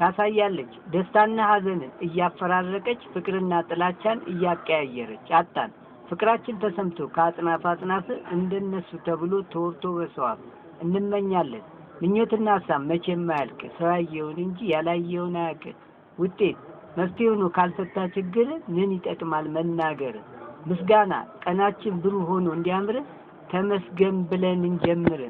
ታሳያለች። ደስታና ሐዘንን እያፈራረቀች፣ ፍቅርና ጥላቻን እያቀያየረች አጣን። ፍቅራችን ተሰምቶ ከአጽናፍ አጽናፍ እንደነሱ ተብሎ ተወርቶ በሰዋፍ እንመኛለን። ምኞትና ሀሳብ መቼም አያልቅ። ሰው ያየውን እንጂ ያላየውን አያውቅም። ውጤት መፍትሄ ሆኖ ካልፈታ ችግር ምን ይጠቅማል መናገር? ምስጋና ቀናችን ብሩህ ሆኖ እንዲያምር ተመስገን ብለን እንጀምር።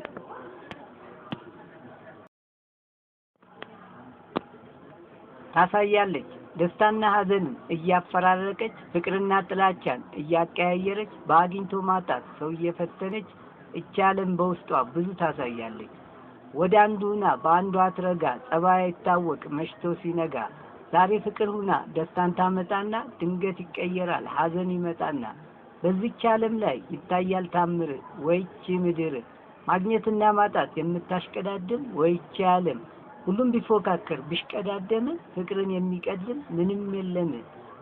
ታሳያለች። ደስታና ሐዘንን እያፈራረቀች፣ ፍቅርና ጥላቻን እያቀያየረች፣ በአግኝቶ ማጣት ሰው እየፈተነች፣ እቺ ዓለም በውስጧ ብዙ ታሳያለች። ወደ አንዱ ሁና በአንዷ አትረጋ፣ ጸባይ አይታወቅ መሽቶ ሲነጋ። ዛሬ ፍቅር ሁና ደስታን ታመጣና፣ ድንገት ይቀየራል ሐዘን ይመጣና። በዚች ዓለም ላይ ይታያል ታምር ወይቺ ምድር ማግኘትና ማጣት የምታሽቀዳድም ወይቺ ዓለም ሁሉም ቢፎካከር ቢሽቀዳደም ፍቅርን የሚቀድም ምንም የለም።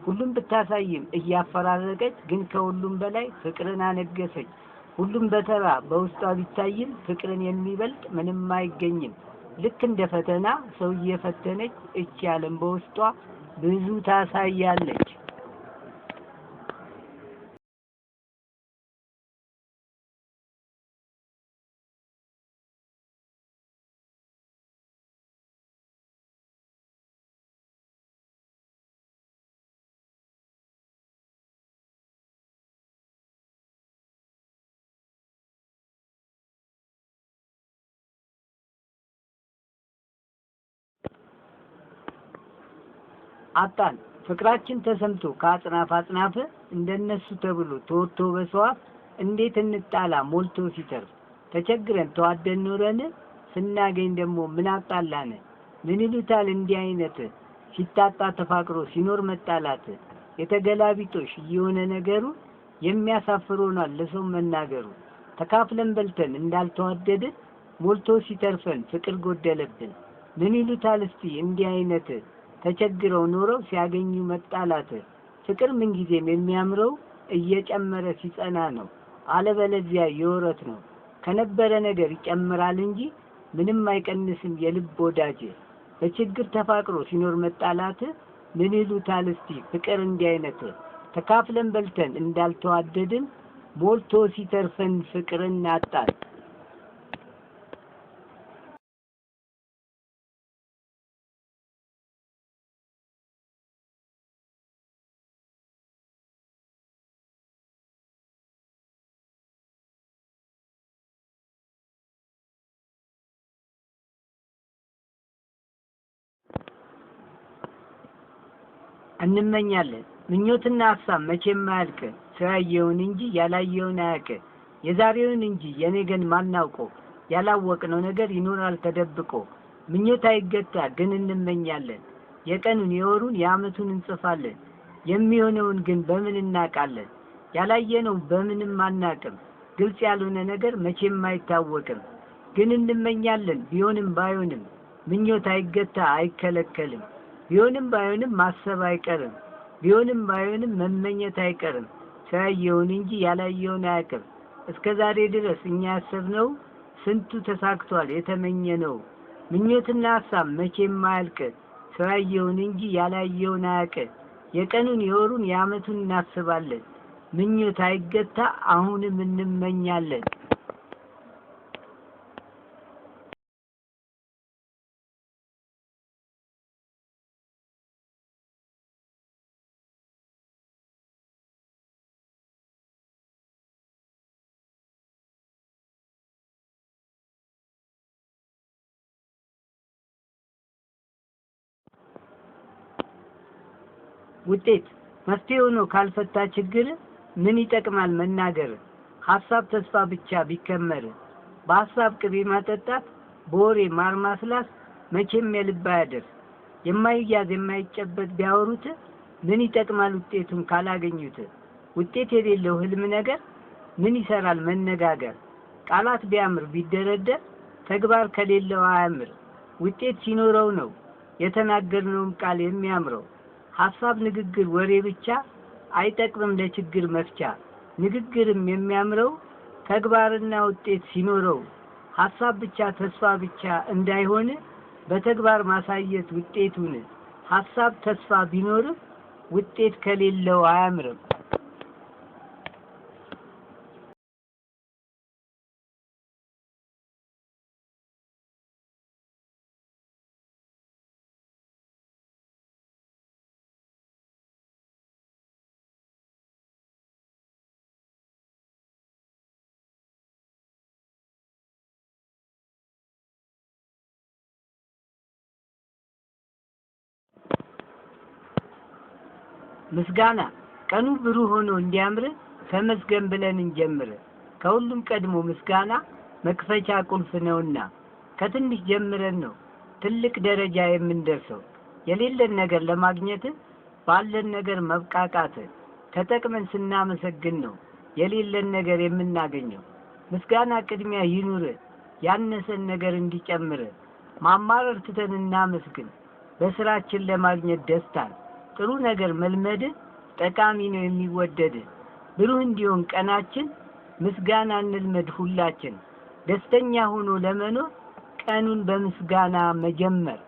ሁሉም ብታሳይም እያፈራረቀች ግን ከሁሉም በላይ ፍቅርን አነገሰች። ሁሉም በተራ በውስጧ ቢታይም ፍቅርን የሚበልጥ ምንም አይገኝም። ልክ እንደ ፈተና ሰው እየፈተነች እች ዓለም በውስጧ ብዙ ታሳያለች። አጣን። ፍቅራችን ተሰምቶ ከአጽናፍ አጽናፍ እንደነሱ ተብሎ ተወጥቶ በሰዋፍ እንዴት እንጣላ ሞልቶ ሲተርፍ ተቸግረን ተዋደን ኑረን ስናገኝ ደግሞ ምን አጣላን? ምን ይሉታል እንዲህ አይነት ሲታጣ ተፋቅሮ ሲኖር መጣላት የተገላቢጦሽ እየሆነ ነገሩ የሚያሳፍር ሆኗል ለሰው መናገሩ። ተካፍለን በልተን እንዳልተዋደድ ሞልቶ ሲተርፈን ፍቅር ጎደለብን። ምን ይሉታል እስቲ እንዲህ አይነት ተቸግረው ኖረው ሲያገኙ መጣላት። ፍቅር ምንጊዜም የሚያምረው እየጨመረ ሲጸና ነው። አለበለዚያ የወረት ነው። ከነበረ ነገር ይጨምራል እንጂ ምንም አይቀንስም የልብ ወዳጅ። በችግር ተፋቅሮ ሲኖር መጣላት ምን ይሉታል እስቲ ፍቅር እንዲህ አይነት ተካፍለን በልተን እንዳልተዋደድን ሞልቶ ሲተርፈን ፍቅርን አጣል። እንመኛለን። ምኞትና ሀሳብ መቼም አያልቅ። ስላየውን እንጂ ያላየውን አያውቅ። የዛሬውን እንጂ የነገን ያላወቅ ያላወቅነው ነገር ይኖራል ተደብቆ። ምኞት አይገታ ግን እንመኛለን። የቀኑን የወሩን የዓመቱን እንጽፋለን። የሚሆነውን ግን በምን እናውቃለን? ያላየነው በምንም አናቅም። ግልጽ ያልሆነ ነገር መቼም አይታወቅም። ግን እንመኛለን ቢሆንም ባይሆንም ምኞት አይገታ አይከለከልም። ቢሆንም ባይሆንም ማሰብ አይቀርም። ቢሆንም ባይሆንም መመኘት አይቀርም። ሳያየውን እንጂ ያላየውን አያውቅም። እስከ ዛሬ ድረስ እኛ ያሰብነው ስንቱ ተሳክቷል፣ የተመኘ ነው። ምኞትና ሀሳብ መቼም አያልቅ። ሰው እንጂ ያላየውን አያውቅ። የቀኑን የወሩን፣ የዓመቱን እናስባለን። ምኞት አይገታ፣ አሁንም እንመኛለን። ውጤት መፍትሄ ሆኖ ካልፈታ ችግር ምን ይጠቅማል መናገር? ሀሳብ ተስፋ ብቻ ቢከመር በሀሳብ ቅቤ ማጠጣት በወሬ ማር ማፍላት መቼም የልብ አያደር የማይያዝ የማይጨበጥ ቢያወሩት ምን ይጠቅማል ውጤቱን ካላገኙት? ውጤት የሌለው ህልም ነገር ምን ይሰራል መነጋገር? ቃላት ቢያምር ቢደረደር ተግባር ከሌለው አያምር። ውጤት ሲኖረው ነው የተናገርነውም ቃል የሚያምረው። ሐሳብ፣ ንግግር፣ ወሬ ብቻ አይጠቅምም ለችግር መፍቻ። ንግግርም የሚያምረው ተግባርና ውጤት ሲኖረው፣ ሐሳብ ብቻ ተስፋ ብቻ እንዳይሆን በተግባር ማሳየት ውጤቱን። ሐሳብ ተስፋ ቢኖርም ውጤት ከሌለው አያምርም። ምስጋና ቀኑ ብሩህ ሆኖ እንዲያምር ተመስገን ብለን እንጀምር። ከሁሉም ቀድሞ ምስጋና መክፈቻ ቁልፍ ነውና ከትንሽ ጀምረን ነው ትልቅ ደረጃ የምንደርሰው። የሌለን ነገር ለማግኘት ባለን ነገር መብቃቃት ተጠቅመን ስናመሰግን ነው የሌለን ነገር የምናገኘው። ምስጋና ቅድሚያ ይኑር፣ ያነሰን ነገር እንዲጨምር። ማማረር ትተን እናመስግን፣ በስራችን ለማግኘት ደስታን ጥሩ ነገር መልመድ ጠቃሚ ነው የሚወደድ ብሩህ እንዲሆን ቀናችን ምስጋና እንልመድ ሁላችን ደስተኛ ሆኖ ለመኖር ቀኑን በምስጋና መጀመር